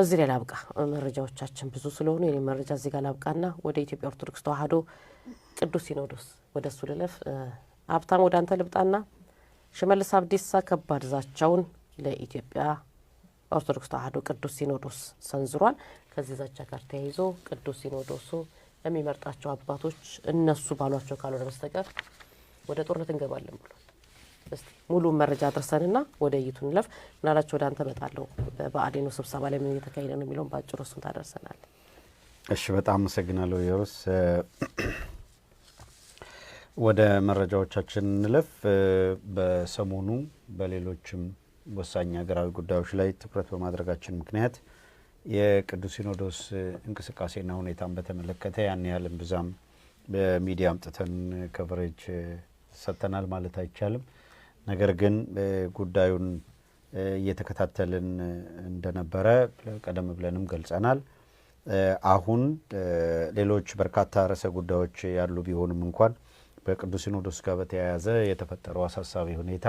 እዚህ ላይ ላብቃ። መረጃዎቻችን ብዙ ስለሆኑ የኔ መረጃ እዚህ ጋር ላብቃና ወደ ኢትዮጵያ ኦርቶዶክስ ተዋህዶ ቅዱስ ሲኖዶስ ወደ እሱ ልለፍ። ሀብታም ወደ አንተ ልብጣና ሽመልስ አብዲሳ ከባድ ዛቻውን ለኢትዮጵያ ኦርቶዶክስ ተዋህዶ ቅዱስ ሲኖዶስ ሰንዝሯል። ከዚህ ዛቻ ጋር ተያይዞ ቅዱስ ሲኖዶሱ የሚመርጣቸው አባቶች እነሱ ባሏቸው ካልሆነ በስተቀር ወደ ጦርነት እንገባለን ብሏል። ሙሉ መረጃ አድርሰንና ወደ እይቱ ንለፍ ምናላቸው ወደ አንተ እመጣለሁ። በአዴኑ ስብሰባ ላይ ምን እየተካሄደ ነው የሚለውን በአጭሩ እሱን ታደርሰናል። እሺ፣ በጣም አመሰግናለሁ የሩስ። ወደ መረጃዎቻችን እንለፍ። በሰሞኑ በሌሎችም ወሳኝ ሀገራዊ ጉዳዮች ላይ ትኩረት በማድረጋችን ምክንያት የቅዱስ ሲኖዶስ እንቅስቃሴና ሁኔታን በተመለከተ ያን ያህል ብዛም በሚዲያ አምጥተን ከቨሬጅ ሰጥተናል ማለት አይቻልም። ነገር ግን ጉዳዩን እየተከታተልን እንደነበረ ቀደም ብለንም ገልጸናል። አሁን ሌሎች በርካታ ርዕሰ ጉዳዮች ያሉ ቢሆንም እንኳን በቅዱስ ሲኖዶስ ጋር በተያያዘ የተፈጠረው አሳሳቢ ሁኔታ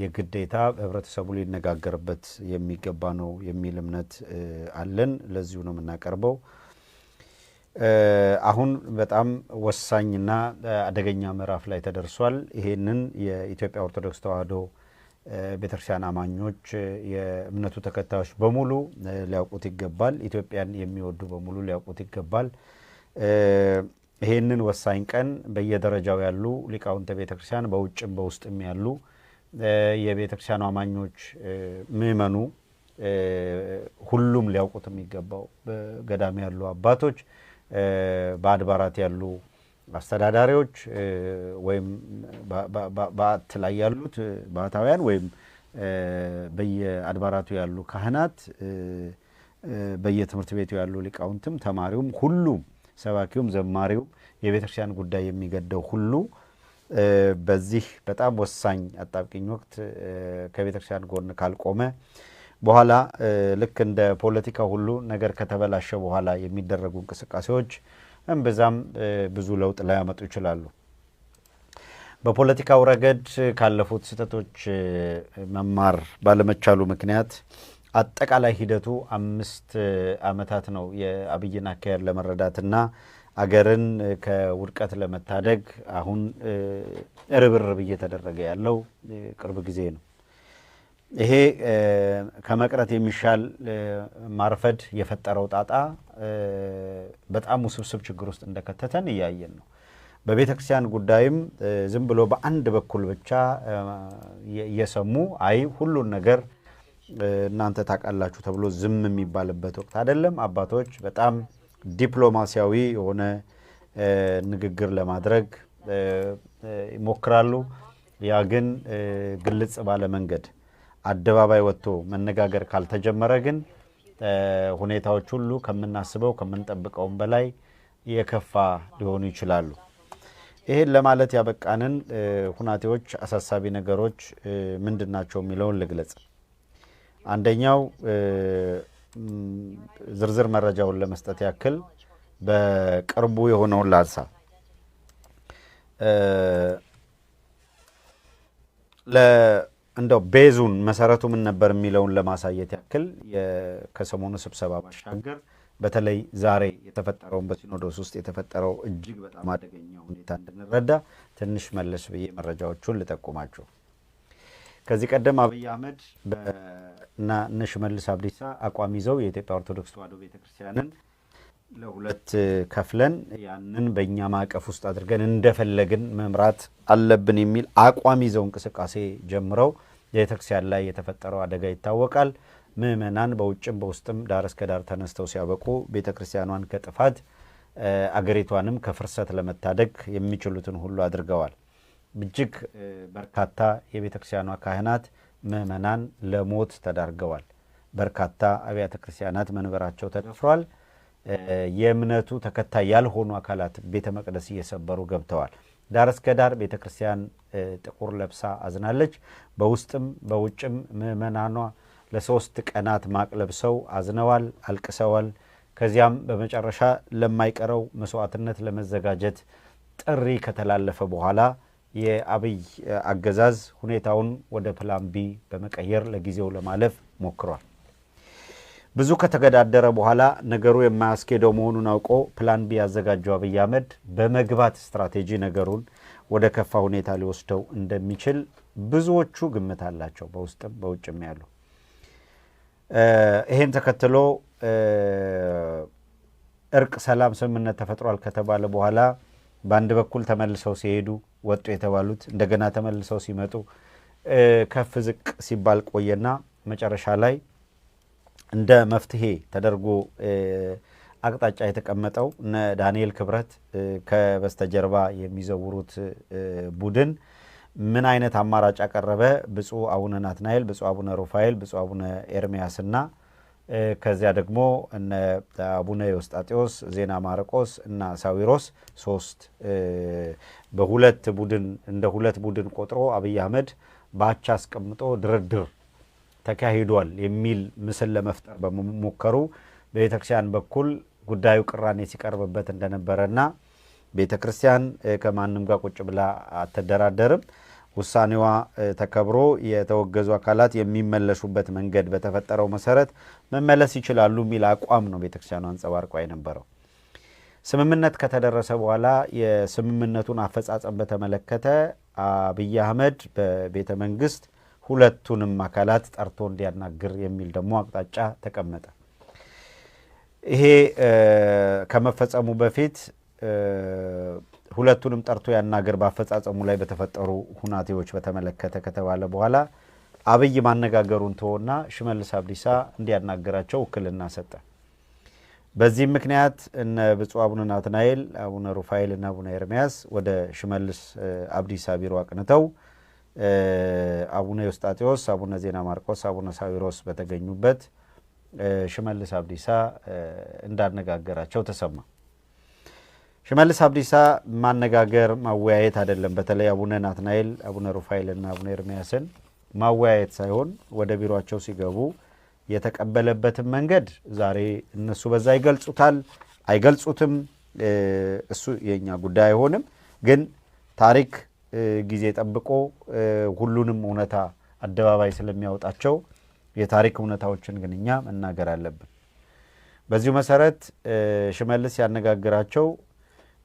የግዴታ ህብረተሰቡ ሊነጋገርበት የሚገባ ነው የሚል እምነት አለን። ለዚሁ ነው የምናቀርበው። አሁን በጣም ወሳኝና አደገኛ ምዕራፍ ላይ ተደርሷል። ይሄንን የኢትዮጵያ ኦርቶዶክስ ተዋሕዶ ቤተክርስቲያን አማኞች፣ የእምነቱ ተከታዮች በሙሉ ሊያውቁት ይገባል። ኢትዮጵያን የሚወዱ በሙሉ ሊያውቁት ይገባል። ይሄንን ወሳኝ ቀን በየደረጃው ያሉ ሊቃውንተ ቤተክርስቲያን በውጭም በውስጥም ያሉ የቤተክርስቲያኑ አማኞች ምእመኑ ሁሉም ሊያውቁት የሚገባው በገዳም ያሉ አባቶች በአድባራት ያሉ አስተዳዳሪዎች ወይም በዓት ላይ ያሉት ባሕታውያን ወይም በየአድባራቱ ያሉ ካህናት፣ በየትምህርት ቤቱ ያሉ ሊቃውንትም፣ ተማሪውም፣ ሁሉም ሰባኪውም፣ ዘማሪውም የቤተክርስቲያን ጉዳይ የሚገደው ሁሉ በዚህ በጣም ወሳኝ አጣብቂኝ ወቅት ከቤተክርስቲያን ጎን ካልቆመ በኋላ ልክ እንደ ፖለቲካ ሁሉ ነገር ከተበላሸ በኋላ የሚደረጉ እንቅስቃሴዎች እምብዛም ብዙ ለውጥ ላያመጡ ይችላሉ። በፖለቲካው ረገድ ካለፉት ስህተቶች መማር ባለመቻሉ ምክንያት አጠቃላይ ሂደቱ አምስት ዓመታት ነው የአብይን አካሄድ ለመረዳትና አገርን ከውድቀት ለመታደግ አሁን ርብርብ እየተደረገ ያለው ቅርብ ጊዜ ነው። ይሄ ከመቅረት የሚሻል ማርፈድ የፈጠረው ጣጣ በጣም ውስብስብ ችግር ውስጥ እንደከተተን እያየን ነው። በቤተ ክርስቲያን ጉዳይም ዝም ብሎ በአንድ በኩል ብቻ እየሰሙ አይ ሁሉን ነገር እናንተ ታውቃላችሁ ተብሎ ዝም የሚባልበት ወቅት አይደለም። አባቶች በጣም ዲፕሎማሲያዊ የሆነ ንግግር ለማድረግ ይሞክራሉ። ያ ግን ግልጽ ባለ መንገድ አደባባይ ወጥቶ መነጋገር ካልተጀመረ ግን ሁኔታዎች ሁሉ ከምናስበው ከምንጠብቀውም በላይ የከፋ ሊሆኑ ይችላሉ። ይህን ለማለት ያበቃንን ሁናቴዎች፣ አሳሳቢ ነገሮች ምንድን ናቸው የሚለውን ልግለጽ። አንደኛው ዝርዝር መረጃውን ለመስጠት ያክል በቅርቡ የሆነውን ላንሳ። ለ እንደው ቤዙን መሰረቱ ምን ነበር የሚለውን ለማሳየት ያክል ከሰሞኑ ስብሰባ ባሻገር በተለይ ዛሬ የተፈጠረውን በሲኖዶስ ውስጥ የተፈጠረው እጅግ በጣም አደገኛ ሁኔታ እንድንረዳ ትንሽ መለስ ብዬ መረጃዎቹን ልጠቁማችሁ። ከዚህ ቀደም አብይ አህመድ እና እነ ሽመልስ አብዲሳ አቋም ይዘው የኢትዮጵያ ኦርቶዶክስ ተዋሕዶ ቤተክርስቲያንን ለሁለት ከፍለን ያንን በእኛ ማዕቀፍ ውስጥ አድርገን እንደፈለግን መምራት አለብን የሚል አቋም ይዘው እንቅስቃሴ ጀምረው ቤተክርስቲያን ላይ የተፈጠረው አደጋ ይታወቃል። ምእመናን በውጭም በውስጥም ዳር እስከ ዳር ተነስተው ሲያበቁ ቤተ ክርስቲያኗን ከጥፋት አገሪቷንም ከፍርሰት ለመታደግ የሚችሉትን ሁሉ አድርገዋል። እጅግ በርካታ የቤተ ክርስቲያኗ ካህናት፣ ምእመናን ለሞት ተዳርገዋል። በርካታ አብያተ ክርስቲያናት መንበራቸው ተደፍሯል። የእምነቱ ተከታይ ያልሆኑ አካላት ቤተ መቅደስ እየሰበሩ ገብተዋል። ዳር እስከ ዳር ቤተ ክርስቲያን ጥቁር ለብሳ አዝናለች። በውስጥም በውጭም ምእመናኗ ለሶስት ቀናት ማቅ ለብሰው አዝነዋል፣ አልቅሰዋል። ከዚያም በመጨረሻ ለማይቀረው መስዋዕትነት ለመዘጋጀት ጥሪ ከተላለፈ በኋላ የአብይ አገዛዝ ሁኔታውን ወደ ፕላን ቢ በመቀየር ለጊዜው ለማለፍ ሞክሯል። ብዙ ከተገዳደረ በኋላ ነገሩ የማያስኬደው መሆኑን አውቆ ፕላን ቢ ያዘጋጀው አብይ አህመድ በመግባት ስትራቴጂ ነገሩን ወደ ከፋ ሁኔታ ሊወስደው እንደሚችል ብዙዎቹ ግምት አላቸው፣ በውስጥም በውጭም ያሉ። ይሄን ተከትሎ እርቅ፣ ሰላም፣ ስምምነት ተፈጥሯል ከተባለ በኋላ በአንድ በኩል ተመልሰው ሲሄዱ ወጡ የተባሉት እንደገና ተመልሰው ሲመጡ ከፍ ዝቅ ሲባል ቆየና መጨረሻ ላይ እንደ መፍትሄ ተደርጎ አቅጣጫ የተቀመጠው እነ ዳንኤል ክብረት ከበስተጀርባ የሚዘውሩት ቡድን ምን አይነት አማራጭ አቀረበ? ብፁዕ አቡነ ናትናኤል፣ ብፁዕ አቡነ ሩፋኤል፣ ብፁዕ አቡነ ኤርሚያስ እና ከዚያ ደግሞ እነ አቡነ ዮስጣጤዎስ፣ ዜና ማርቆስ እና ሳዊሮስ ሶስት በሁለት ቡድን እንደ ሁለት ቡድን ቆጥሮ አብይ አህመድ በአቻ አስቀምጦ ድርድር ተካሂዷል የሚል ምስል ለመፍጠር በመሞከሩ በቤተክርስቲያን በኩል ጉዳዩ ቅራኔ ሲቀርብበት እንደነበረና ቤተክርስቲያን ከማንም ጋር ቁጭ ብላ አትደራደርም፣ ውሳኔዋ ተከብሮ የተወገዙ አካላት የሚመለሱበት መንገድ በተፈጠረው መሰረት መመለስ ይችላሉ የሚል አቋም ነው ቤተክርስቲያኑ አንጸባርቋ የነበረው። ስምምነት ከተደረሰ በኋላ የስምምነቱን አፈጻጸም በተመለከተ አብይ አህመድ በቤተ መንግስት ሁለቱንም አካላት ጠርቶ እንዲያናግር የሚል ደግሞ አቅጣጫ ተቀመጠ። ይሄ ከመፈጸሙ በፊት ሁለቱንም ጠርቶ ያናገር በአፈጻጸሙ ላይ በተፈጠሩ ሁናቴዎች በተመለከተ ከተባለ በኋላ አብይ ማነጋገሩን ተወና ሽመልስ አብዲሳ እንዲያናግራቸው ውክልና ሰጠ። በዚህም ምክንያት እነ ብፁዕ አቡነ ናትናኤል፣ አቡነ ሩፋኤል እና አቡነ ኤርሚያስ ወደ ሽመልስ አብዲሳ ቢሮ አቅንተው አቡነ ዮስጣቴዎስ፣ አቡነ ዜና ማርቆስ፣ አቡነ ሳዊሮስ በተገኙበት ሽመልስ አብዲሳ እንዳነጋገራቸው ተሰማ። ሽመልስ አብዲሳ ማነጋገር ማወያየት አይደለም። በተለይ አቡነ ናትናኤል፣ አቡነ ሩፋኤልና አቡነ ኤርሚያስን ማወያየት ሳይሆን ወደ ቢሮቸው ሲገቡ የተቀበለበትን መንገድ ዛሬ እነሱ በዛ ይገልጹታል አይገልጹትም፣ እሱ የእኛ ጉዳይ አይሆንም። ግን ታሪክ ጊዜ ጠብቆ ሁሉንም እውነታ አደባባይ ስለሚያወጣቸው የታሪክ እውነታዎችን ግን እኛ መናገር አለብን። በዚሁ መሰረት ሽመልስ ያነጋግራቸው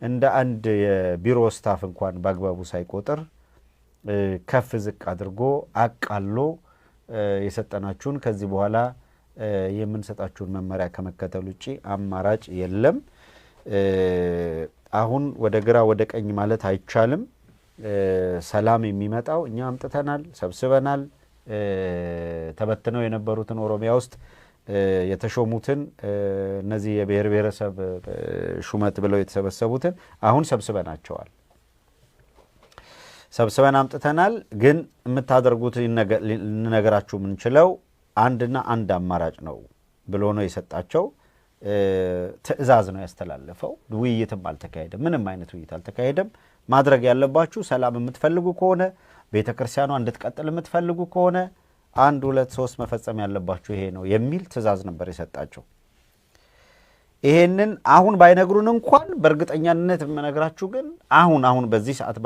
እንደ አንድ የቢሮ ስታፍ እንኳን በአግባቡ ሳይቆጥር ከፍ ዝቅ አድርጎ አቃሎ የሰጠናችሁን ከዚህ በኋላ የምንሰጣችሁን መመሪያ ከመከተል ውጭ አማራጭ የለም። አሁን ወደ ግራ ወደ ቀኝ ማለት አይቻልም። ሰላም የሚመጣው እኛ አምጥተናል፣ ሰብስበናል። ተበትነው የነበሩትን ኦሮሚያ ውስጥ የተሾሙትን እነዚህ የብሔር ብሔረሰብ ሹመት ብለው የተሰበሰቡትን አሁን ሰብስበናቸዋል። ሰብስበን አምጥተናል። ግን የምታደርጉት ልንነግራችሁ የምንችለው አንድና አንድ አማራጭ ነው ብሎ ነው የሰጣቸው። ትዕዛዝ ነው ያስተላለፈው። ውይይትም አልተካሄደም። ምንም አይነት ውይይት አልተካሄደም። ማድረግ ያለባችሁ ሰላም የምትፈልጉ ከሆነ ቤተ ክርስቲያኗ እንድትቀጥል የምትፈልጉ ከሆነ አንድ ሁለት ሶስት መፈጸም ያለባችሁ ይሄ ነው የሚል ትእዛዝ ነበር የሰጣቸው። ይሄንን አሁን ባይነግሩን እንኳን በእርግጠኛነት የምነግራችሁ ግን አሁን አሁን በዚህ ሰዓት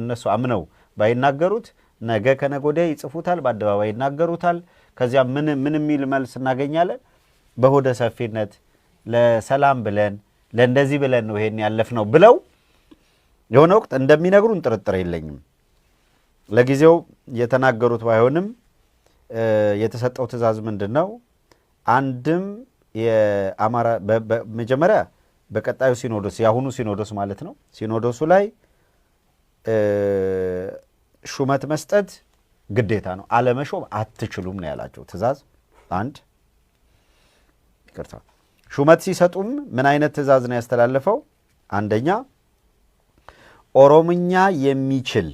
እነሱ አምነው ባይናገሩት ነገ ከነገ ይጽፉታል፣ በአደባባይ ይናገሩታል። ከዚያ ምን ምን የሚል መልስ እናገኛለን? በሆደ ሰፊነት ለሰላም ብለን ለእንደዚህ ብለን ነው ይሄን ያለፍ ነው ብለው የሆነ ወቅት እንደሚነግሩን ጥርጥር የለኝም። ለጊዜው የተናገሩት ባይሆንም የተሰጠው ትዕዛዝ ምንድን ነው? አንድም የአማራ መጀመሪያ በቀጣዩ ሲኖዶስ የአሁኑ ሲኖዶስ ማለት ነው። ሲኖዶሱ ላይ ሹመት መስጠት ግዴታ ነው፣ አለመሾም አትችሉም ነው ያላቸው ትዕዛዝ። አንድ ይቅርታ፣ ሹመት ሲሰጡም ምን አይነት ትዕዛዝ ነው ያስተላለፈው? አንደኛ ኦሮምኛ የሚችል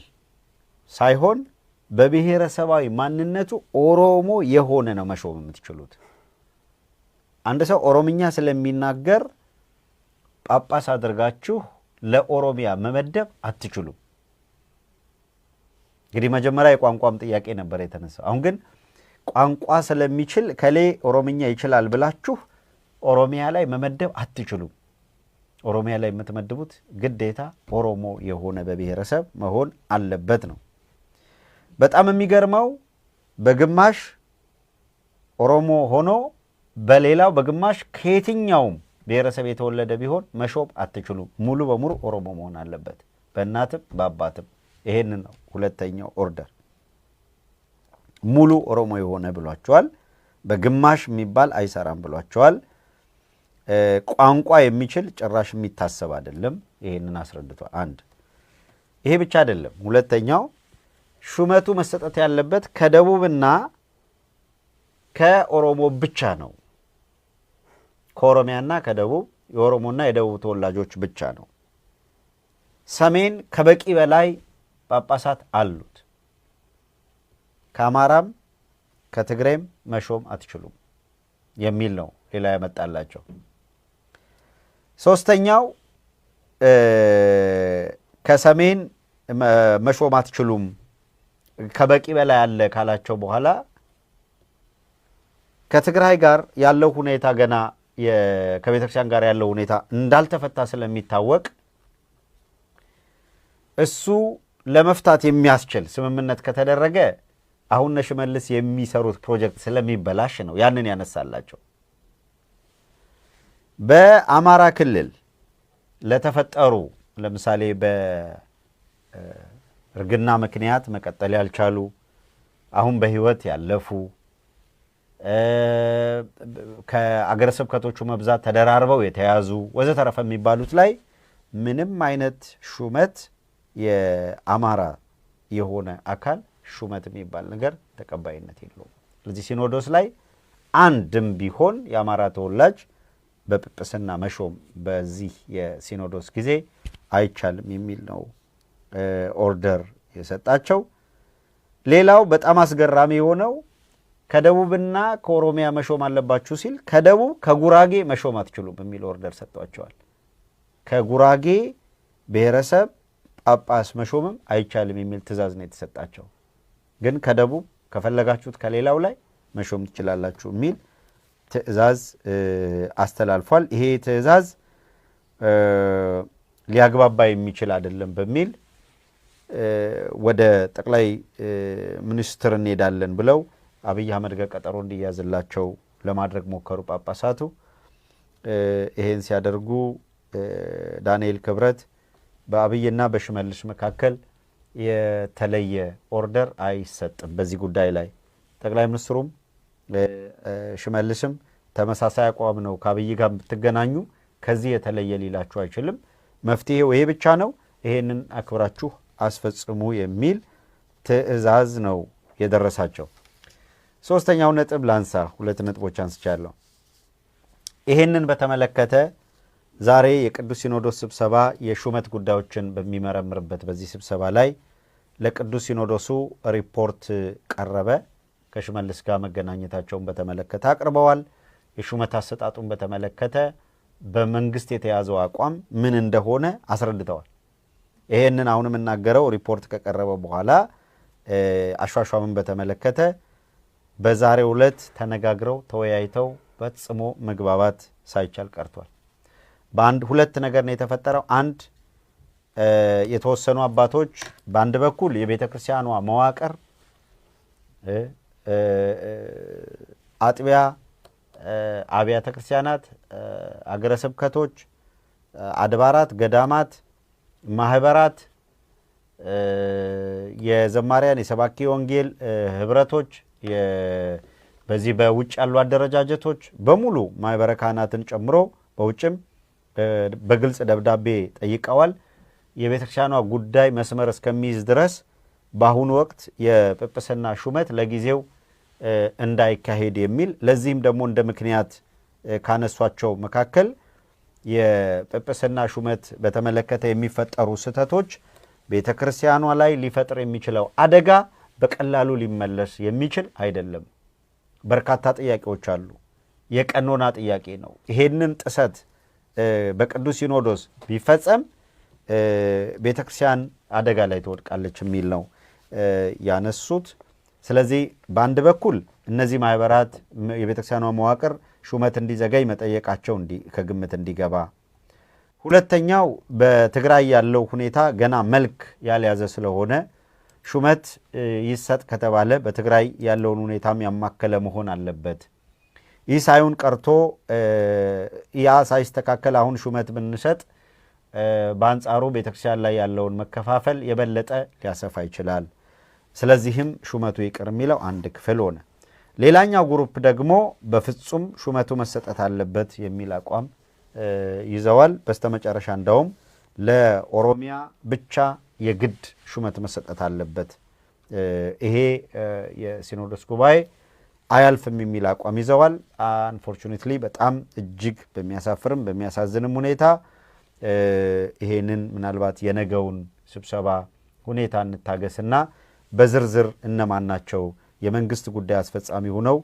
ሳይሆን በብሔረሰባዊ ማንነቱ ኦሮሞ የሆነ ነው መሾም የምትችሉት። አንድ ሰው ኦሮምኛ ስለሚናገር ጳጳስ አድርጋችሁ ለኦሮሚያ መመደብ አትችሉም። እንግዲህ መጀመሪያ የቋንቋም ጥያቄ ነበር የተነሳው። አሁን ግን ቋንቋ ስለሚችል ከሌ ኦሮምኛ ይችላል ብላችሁ ኦሮሚያ ላይ መመደብ አትችሉም። ኦሮሚያ ላይ የምትመድቡት ግዴታ ኦሮሞ የሆነ በብሔረሰብ መሆን አለበት ነው። በጣም የሚገርመው በግማሽ ኦሮሞ ሆኖ በሌላው በግማሽ ከየትኛውም ብሔረሰብ የተወለደ ቢሆን መሾም አትችሉም። ሙሉ በሙሉ ኦሮሞ መሆን አለበት በእናትም በአባትም። ይሄን ነው ሁለተኛው ኦርደር። ሙሉ ኦሮሞ የሆነ ብሏቸዋል። በግማሽ የሚባል አይሰራም ብሏቸዋል። ቋንቋ የሚችል ጭራሽ የሚታሰብ አይደለም። ይሄንን አስረድቷል። አንድ ይሄ ብቻ አይደለም። ሁለተኛው ሹመቱ መሰጠት ያለበት ከደቡብና ከኦሮሞ ብቻ ነው። ከኦሮሚያና ከደቡብ የኦሮሞና የደቡብ ተወላጆች ብቻ ነው። ሰሜን ከበቂ በላይ ጳጳሳት አሉት። ከአማራም ከትግሬም መሾም አትችሉም የሚል ነው ሌላ ያመጣላቸው ሶስተኛው ከሰሜን መሾም አትችሉም ከበቂ በላይ አለ ካላቸው በኋላ ከትግራይ ጋር ያለው ሁኔታ ገና ከቤተክርስቲያን ጋር ያለው ሁኔታ እንዳልተፈታ ስለሚታወቅ እሱ ለመፍታት የሚያስችል ስምምነት ከተደረገ አሁን ነሽመልስ የሚሰሩት ፕሮጀክት ስለሚበላሽ ነው ያንን ያነሳላቸው። በአማራ ክልል ለተፈጠሩ ለምሳሌ በእርግና ምክንያት መቀጠል ያልቻሉ አሁን በህይወት ያለፉ ከአገረ ስብከቶቹ መብዛት ተደራርበው የተያዙ ወዘተረፈ የሚባሉት ላይ ምንም አይነት ሹመት የአማራ የሆነ አካል ሹመት የሚባል ነገር ተቀባይነት የለውም። ስለዚህ ሲኖዶስ ላይ አንድም ቢሆን የአማራ ተወላጅ በጵጵስና መሾም በዚህ የሲኖዶስ ጊዜ አይቻልም የሚል ነው ኦርደር የሰጣቸው። ሌላው በጣም አስገራሚ የሆነው ከደቡብና ከኦሮሚያ መሾም አለባችሁ ሲል ከደቡብ ከጉራጌ መሾም አትችሉም የሚል ኦርደር ሰጥቷቸዋል። ከጉራጌ ብሔረሰብ ጳጳስ መሾምም አይቻልም የሚል ትዕዛዝ ነው የተሰጣቸው። ግን ከደቡብ ከፈለጋችሁት ከሌላው ላይ መሾም ትችላላችሁ የሚል ትዕዛዝ አስተላልፏል። ይሄ ትዕዛዝ ሊያግባባ የሚችል አይደለም በሚል ወደ ጠቅላይ ሚኒስትር እንሄዳለን ብለው አብይ አህመድ ጋር ቀጠሮ እንዲያዝላቸው ለማድረግ ሞከሩ ጳጳሳቱ። ይሄን ሲያደርጉ ዳንኤል ክብረት በአብይና በሽመልስ መካከል የተለየ ኦርደር አይሰጥም በዚህ ጉዳይ ላይ ጠቅላይ ሚኒስትሩም ሽመልስም ተመሳሳይ አቋም ነው። ከአብይ ጋር ብትገናኙ ከዚህ የተለየ ሊላችሁ አይችልም። መፍትሄው ይሄ ብቻ ነው፣ ይሄንን አክብራችሁ አስፈጽሙ የሚል ትዕዛዝ ነው የደረሳቸው። ሶስተኛው ነጥብ ላንሳ። ሁለት ነጥቦች አንስቻለሁ። ይሄንን በተመለከተ ዛሬ የቅዱስ ሲኖዶስ ስብሰባ የሹመት ጉዳዮችን በሚመረምርበት በዚህ ስብሰባ ላይ ለቅዱስ ሲኖዶሱ ሪፖርት ቀረበ። ከሽመልስ ጋር መገናኘታቸውን በተመለከተ አቅርበዋል። የሹመት አሰጣጡን በተመለከተ በመንግስት የተያዘው አቋም ምን እንደሆነ አስረድተዋል። ይሄንን አሁን የምናገረው ሪፖርት ከቀረበ በኋላ አሿሿምን በተመለከተ በዛሬው ዕለት ተነጋግረው ተወያይተው ፈጽሞ መግባባት ሳይቻል ቀርቷል። በአንድ ሁለት ነገር ነው የተፈጠረው። አንድ የተወሰኑ አባቶች በአንድ በኩል የቤተ ክርስቲያኗ መዋቅር አጥቢያ አብያተ ክርስቲያናት፣ አገረ ስብከቶች፣ አድባራት፣ ገዳማት፣ ማህበራት፣ የዘማሪያን የሰባኪ ወንጌል ህብረቶች፣ በዚህ በውጭ ያሉ አደረጃጀቶች በሙሉ ማህበረ ካህናትን ጨምሮ በውጭም በግልጽ ደብዳቤ ጠይቀዋል። የቤተ ክርስቲያኗ ጉዳይ መስመር እስከሚይዝ ድረስ በአሁኑ ወቅት የጵጵስና ሹመት ለጊዜው እንዳይካሄድ የሚል ለዚህም ደግሞ እንደ ምክንያት ካነሷቸው መካከል የጵጵስና ሹመት በተመለከተ የሚፈጠሩ ስህተቶች ቤተ ክርስቲያኗ ላይ ሊፈጥር የሚችለው አደጋ በቀላሉ ሊመለስ የሚችል አይደለም። በርካታ ጥያቄዎች አሉ። የቀኖና ጥያቄ ነው። ይሄንን ጥሰት በቅዱስ ሲኖዶስ ቢፈጸም ቤተ ክርስቲያን አደጋ ላይ ትወድቃለች የሚል ነው ያነሱት። ስለዚህ በአንድ በኩል እነዚህ ማህበራት የቤተክርስቲያኗ መዋቅር ሹመት እንዲዘገይ መጠየቃቸው ከግምት እንዲገባ፣ ሁለተኛው በትግራይ ያለው ሁኔታ ገና መልክ ያልያዘ ስለሆነ ሹመት ይሰጥ ከተባለ በትግራይ ያለውን ሁኔታም ያማከለ መሆን አለበት። ይህ ሳይሆን ቀርቶ ያ ሳይስተካከል አሁን ሹመት ብንሰጥ በአንጻሩ ቤተክርስቲያን ላይ ያለውን መከፋፈል የበለጠ ሊያሰፋ ይችላል። ስለዚህም ሹመቱ ይቅር የሚለው አንድ ክፍል ሆነ። ሌላኛው ግሩፕ ደግሞ በፍጹም ሹመቱ መሰጠት አለበት የሚል አቋም ይዘዋል። በስተመጨረሻ እንደውም ለኦሮሚያ ብቻ የግድ ሹመት መሰጠት አለበት፣ ይሄ የሲኖዶስ ጉባኤ አያልፍም የሚል አቋም ይዘዋል። አንፎርቹኔትሊ በጣም እጅግ በሚያሳፍርም በሚያሳዝንም ሁኔታ ይሄንን ምናልባት የነገውን ስብሰባ ሁኔታ እንታገስና በዝርዝር እነማን ናቸው የመንግስት ጉዳይ አስፈጻሚ ሆነው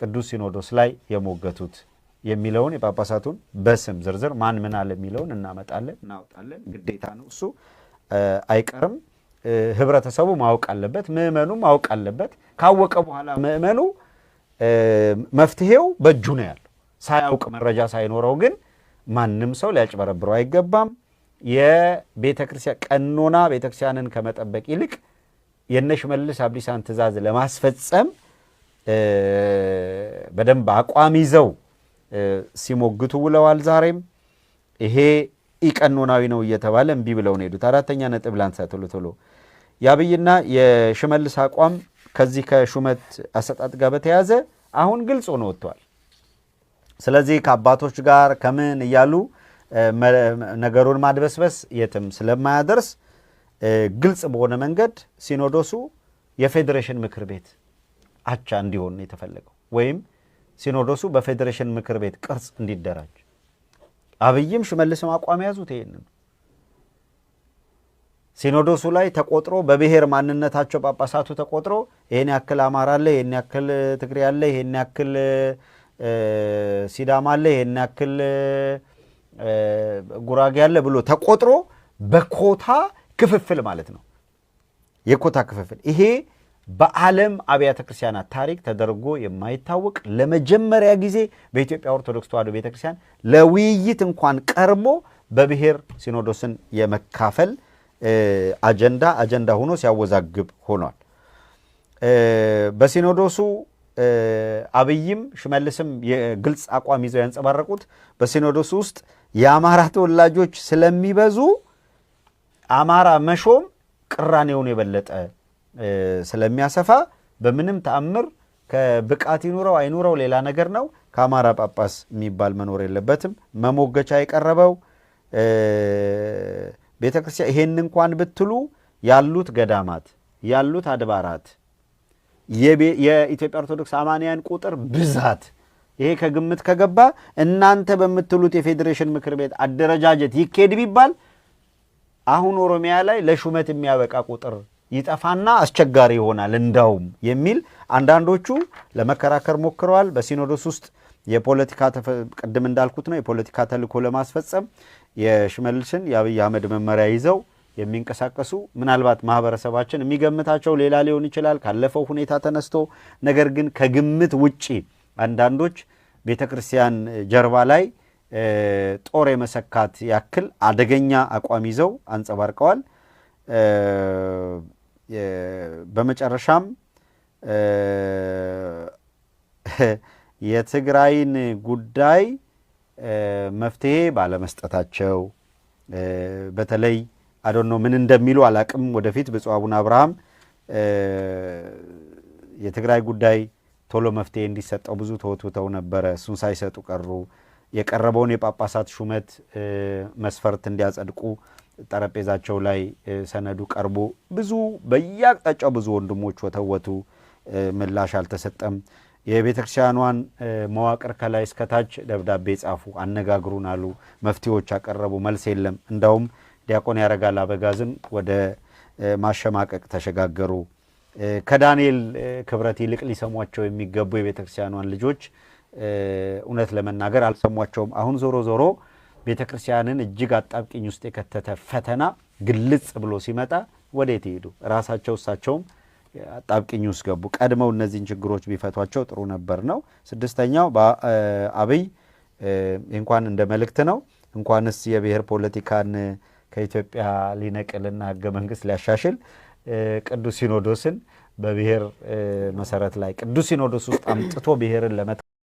ቅዱስ ሲኖዶስ ላይ የሞገቱት የሚለውን የጳጳሳቱን በስም ዝርዝር ማን ምን አለ የሚለውን እናመጣለን እናወጣለን። ግዴታ ነው እሱ አይቀርም። ህብረተሰቡ ማወቅ አለበት፣ ምእመኑ ማወቅ አለበት። ካወቀ በኋላ ምዕመኑ መፍትሄው በእጁ ነው ያለው። ሳያውቅ መረጃ ሳይኖረው ግን ማንም ሰው ሊያጭበረብረው አይገባም። የቤተክርስቲያን ቀኖና ቤተክርስቲያንን ከመጠበቅ ይልቅ የነሽ መልስ አብዲሳን ትዕዛዝ ለማስፈጸም በደንብ አቋም ይዘው ሲሞግቱ ውለዋል። ዛሬም ይሄ ኢቀኖናዊ ነው እየተባለ እምቢ ብለው ነው ሄዱት። አራተኛ ነጥብ ላንሳ ቶሎ ቶሎ የአብይና የሽመልስ አቋም ከዚህ ከሹመት አሰጣጥ ጋር በተያያዘ አሁን ግልጽ ሆኖ ወጥቷል። ስለዚህ ከአባቶች ጋር ከምን እያሉ ነገሩን ማድበስበስ የትም ስለማያደርስ ግልጽ በሆነ መንገድ ሲኖዶሱ የፌዴሬሽን ምክር ቤት አቻ እንዲሆን የተፈለገው ወይም ሲኖዶሱ በፌዴሬሽን ምክር ቤት ቅርጽ እንዲደራጅ አብይም ሽመልስም አቋም የያዙት ይሄንን ሲኖዶሱ ላይ ተቆጥሮ በብሔር ማንነታቸው ጳጳሳቱ ተቆጥሮ ይህን ያክል አማራ አለ፣ ይህን ያክል ትግሬ አለ፣ ይህን ያክል ሲዳማ አለ፣ ይህን ያክል ጉራጌ አለ ብሎ ተቆጥሮ በኮታ ክፍፍል ማለት ነው። የኮታ ክፍፍል ይሄ በዓለም አብያተ ክርስቲያናት ታሪክ ተደርጎ የማይታወቅ ለመጀመሪያ ጊዜ በኢትዮጵያ ኦርቶዶክስ ተዋሕዶ ቤተ ክርስቲያን ለውይይት እንኳን ቀርቦ በብሔር ሲኖዶስን የመካፈል አጀንዳ አጀንዳ ሆኖ ሲያወዛግብ ሆኗል። በሲኖዶሱ አብይም ሽመልስም የግልጽ አቋም ይዘው ያንጸባረቁት በሲኖዶሱ ውስጥ የአማራ ተወላጆች ስለሚበዙ አማራ መሾም ቅራኔውን የበለጠ ስለሚያሰፋ በምንም ተአምር ከብቃት ይኑረው አይኑረው ሌላ ነገር ነው። ከአማራ ጳጳስ የሚባል መኖር የለበትም። መሞገቻ የቀረበው ቤተ ክርስቲያን ይሄን እንኳን ብትሉ ያሉት ገዳማት ያሉት አድባራት የኢትዮጵያ ኦርቶዶክስ አማንያን ቁጥር ብዛት ይሄ ከግምት ከገባ እናንተ በምትሉት የፌዴሬሽን ምክር ቤት አደረጃጀት ይካሄድ ቢባል አሁን ኦሮሚያ ላይ ለሹመት የሚያበቃ ቁጥር ይጠፋና አስቸጋሪ ይሆናል እንዳውም የሚል አንዳንዶቹ ለመከራከር ሞክረዋል። በሲኖዶስ ውስጥ የፖለቲካ ቅድም እንዳልኩት ነው የፖለቲካ ተልኮ ለማስፈጸም የሽመልስን የአብይ አህመድ መመሪያ ይዘው የሚንቀሳቀሱ ምናልባት ማህበረሰባችን የሚገምታቸው ሌላ ሊሆን ይችላል ካለፈው ሁኔታ ተነስቶ። ነገር ግን ከግምት ውጪ አንዳንዶች ቤተ ክርስቲያን ጀርባ ላይ ጦር የመሰካት ያክል አደገኛ አቋም ይዘው አንጸባርቀዋል። በመጨረሻም የትግራይን ጉዳይ መፍትሄ ባለመስጠታቸው በተለይ አዶኖ ምን እንደሚሉ አላቅም። ወደፊት ብፁዕ አቡነ አብርሃም የትግራይ ጉዳይ ቶሎ መፍትሄ እንዲሰጠው ብዙ ተወትውተው ነበረ። እሱን ሳይሰጡ ቀሩ። የቀረበውን የጳጳሳት ሹመት መስፈርት እንዲያጸድቁ ጠረጴዛቸው ላይ ሰነዱ ቀርቦ ብዙ በየአቅጣጫው ብዙ ወንድሞች ወተወቱ፣ ምላሽ አልተሰጠም። የቤተ ክርስቲያኗን መዋቅር ከላይ እስከታች ደብዳቤ ጻፉ፣ አነጋግሩን አሉ፣ መፍትሄዎች አቀረቡ፣ መልስ የለም። እንዳውም ዲያቆን ያረጋል አበጋዝን ወደ ማሸማቀቅ ተሸጋገሩ። ከዳንኤል ክብረት ይልቅ ሊሰሟቸው የሚገቡ የቤተ ክርስቲያኗን ልጆች እውነት ለመናገር አልሰሟቸውም። አሁን ዞሮ ዞሮ ቤተ ክርስቲያንን እጅግ አጣብቂኝ ውስጥ የከተተ ፈተና ግልጽ ብሎ ሲመጣ ወዴት ይሄዱ? ራሳቸው እሳቸውም አጣብቂኝ ውስጥ ገቡ። ቀድመው እነዚህን ችግሮች ቢፈቷቸው ጥሩ ነበር ነው። ስድስተኛው አብይ እንኳን እንደ መልእክት ነው እንኳንስ የብሔር ፖለቲካን ከኢትዮጵያ ሊነቅልና ህገ መንግስት ሊያሻሽል ቅዱስ ሲኖዶስን በብሔር መሰረት ላይ ቅዱስ ሲኖዶስ ውስጥ አምጥቶ ብሔርን ለመ